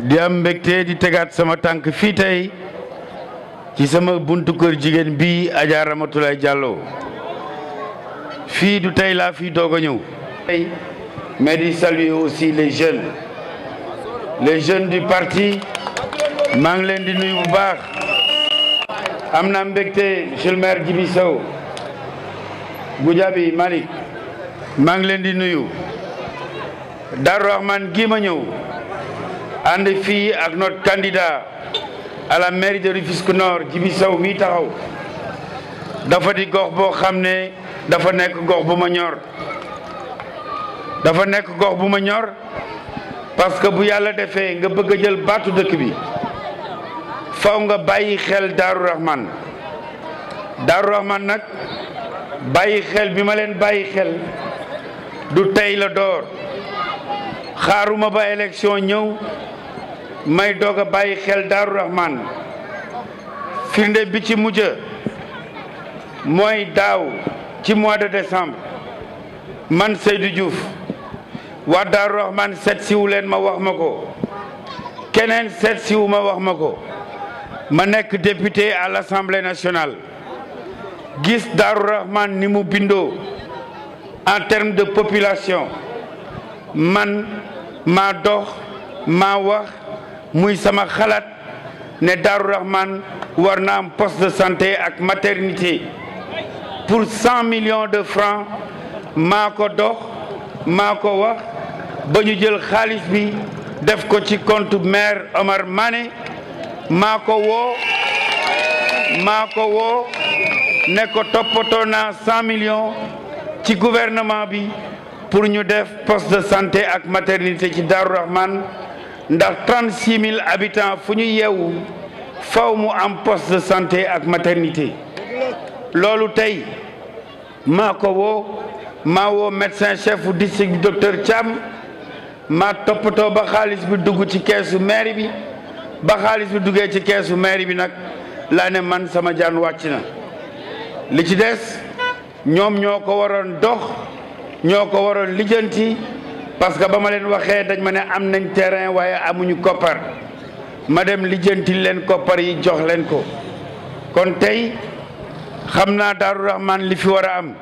di am mbégte di tegaat sama tànk fii tey ci sama buntu kër jigéen bii Adja Ramatulaye Diallo fii du tey laa fii doog a ñëw. mais di saluer aussi les jeunes les jeunes du parti maa ngi leen di nuyu bu baax am na mbégte monsieur le maire Djibi Sow Goudiaby maa ngi leen di nuyu Darou man gii ma ñëw. ànd fi ak notre candidat à la mairie de Rufisque Nord Djibi Sow mi taxaw dafa di gox bo xamné dafa nek gox buma ñor dafa nek gox buma ñor parce que bu yalla defee nga bëgg jël baatu dëkk bi faaw nga bayyi xel Daaru Rahman daru Rahman nak bayyi xel bima len bayyi xel du tay la door xaaruma ba election ñew may doga baye rahman firnde bi ci mujj moy daw ci mois de décembre man Seydou Diouf rahman Setsioulen siwu leen ma wax mako kenen député à l'Assemblée nationale gis rahman ni en termes de population man ma dox muy sama khalat ne Darou Rahman war poste de santé ak maternité pour 100 millions de francs marco dox mako wax bañu jël bi def ko ci compte maire Omar Mané mako wo mako wo ne ko toppatoo 100 millions ci gouvernement bi pour ñu def poste de santé ak maternité ci Darou Rahman ndax 36 000 habitants fu ñu yeewu faw mu am poste de santé ak maternité loolu tey maa ko woo maa woo médecin chef du district docteur Thiam maa toppatoo ba xaalis bi dugg ci keesu mairie bi ba xaalis bi duggee ci keesu mairie bi nag laa ne man sama jaan wàcc na li ci des ñoom ñoo ko waroon dox ñoo ko waroon lijjanti parce que bama len waxe dañ mané am nañ terrain waye amuñu koppar ma dem lijjanti leen koppar yi jox len ko kon tay xamna Rahman li fi wara am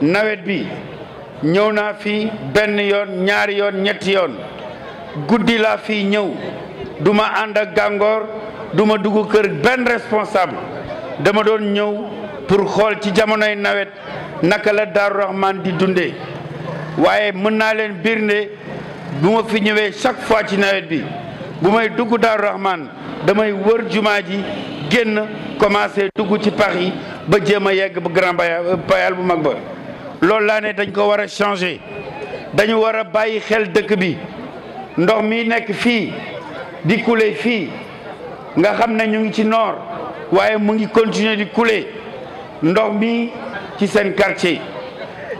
nawet bi ñewna fi ben yon ñaar yon ñet yon guddi la fi ñew duma anda ak gangor duma duggu kër ben responsable dama nyu, ñew pour xol ci jamono nawet naka la Daaru Rahman di dundé waye mën na len birné ne fi ñëwé chaque fois ci nawet bi bu may dugg Rahman damay wër Je ji génn commencé dugg ci paris ba jëma yegg ba grand euh, bayal bu mag ba à la ne dañ ko wara changer dañu wara bayyi xel dëkk bi ndox mi nekk fi di couler fi nga xam ne ñu ngi ci di couler ndox mi ci quartier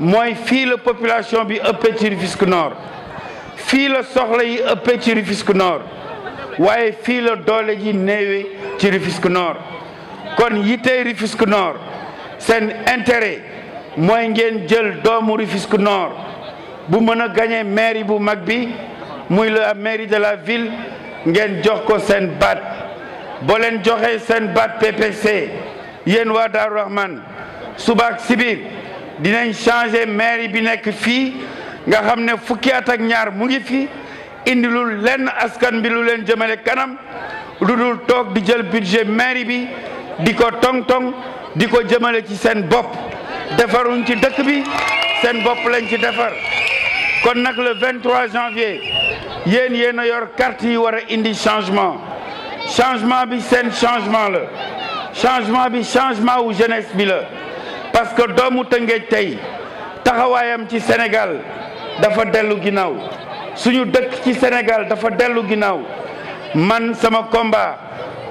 moy fi la population bi ëppee ci Nord fi la soxla yi Nord waye fi la doole ji Nord kon yité Rufisque Nord intérêt ngeen doomu Nord bu mën gagner meri bu mag bi moy la mairie de la ville ngeen jox ko sen bat bo PPC Rahman Subak sibir dinañ changer maire bi nek fi nga xamné ne fukki at ak ñaar mu ngi fi lul lenn askan bi lu leen jëmale kanam lu tok di jël budget maire bi diko tong-tong diko ko ci sen bop Sen ci dëkk bi sen bop lañ ci défar kon n'ak le 23 janvier yen yen yor carte yi war indi changement changement bi sen changement le, changement bi changement ou jeunesse bi le parce que doomu Tëngéej tay taxawayam ci Sénégal dafa delu ginaaw suñu dëkk ci Sénégal dafa delu ginaaw man sama combat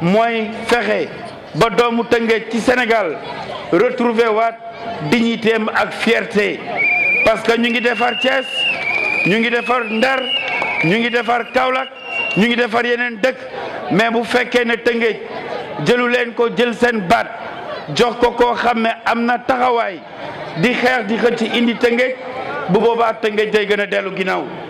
moy fexe ba doomu Tëngéej ci Sénégal retrouver wat dignité ak fierté parce que ñu ngi defar Thiès ñu ngi defar Ndar ñu ngi defar Kaolack ñu ngi defar yenen dëkk mais bu féké né jëlu ko jël sen jox ko ko xam ne am na taxawaay di xeex di xëcc indi Tëngéej bu boobaa Tëngéej day gën a dellu ginnaaw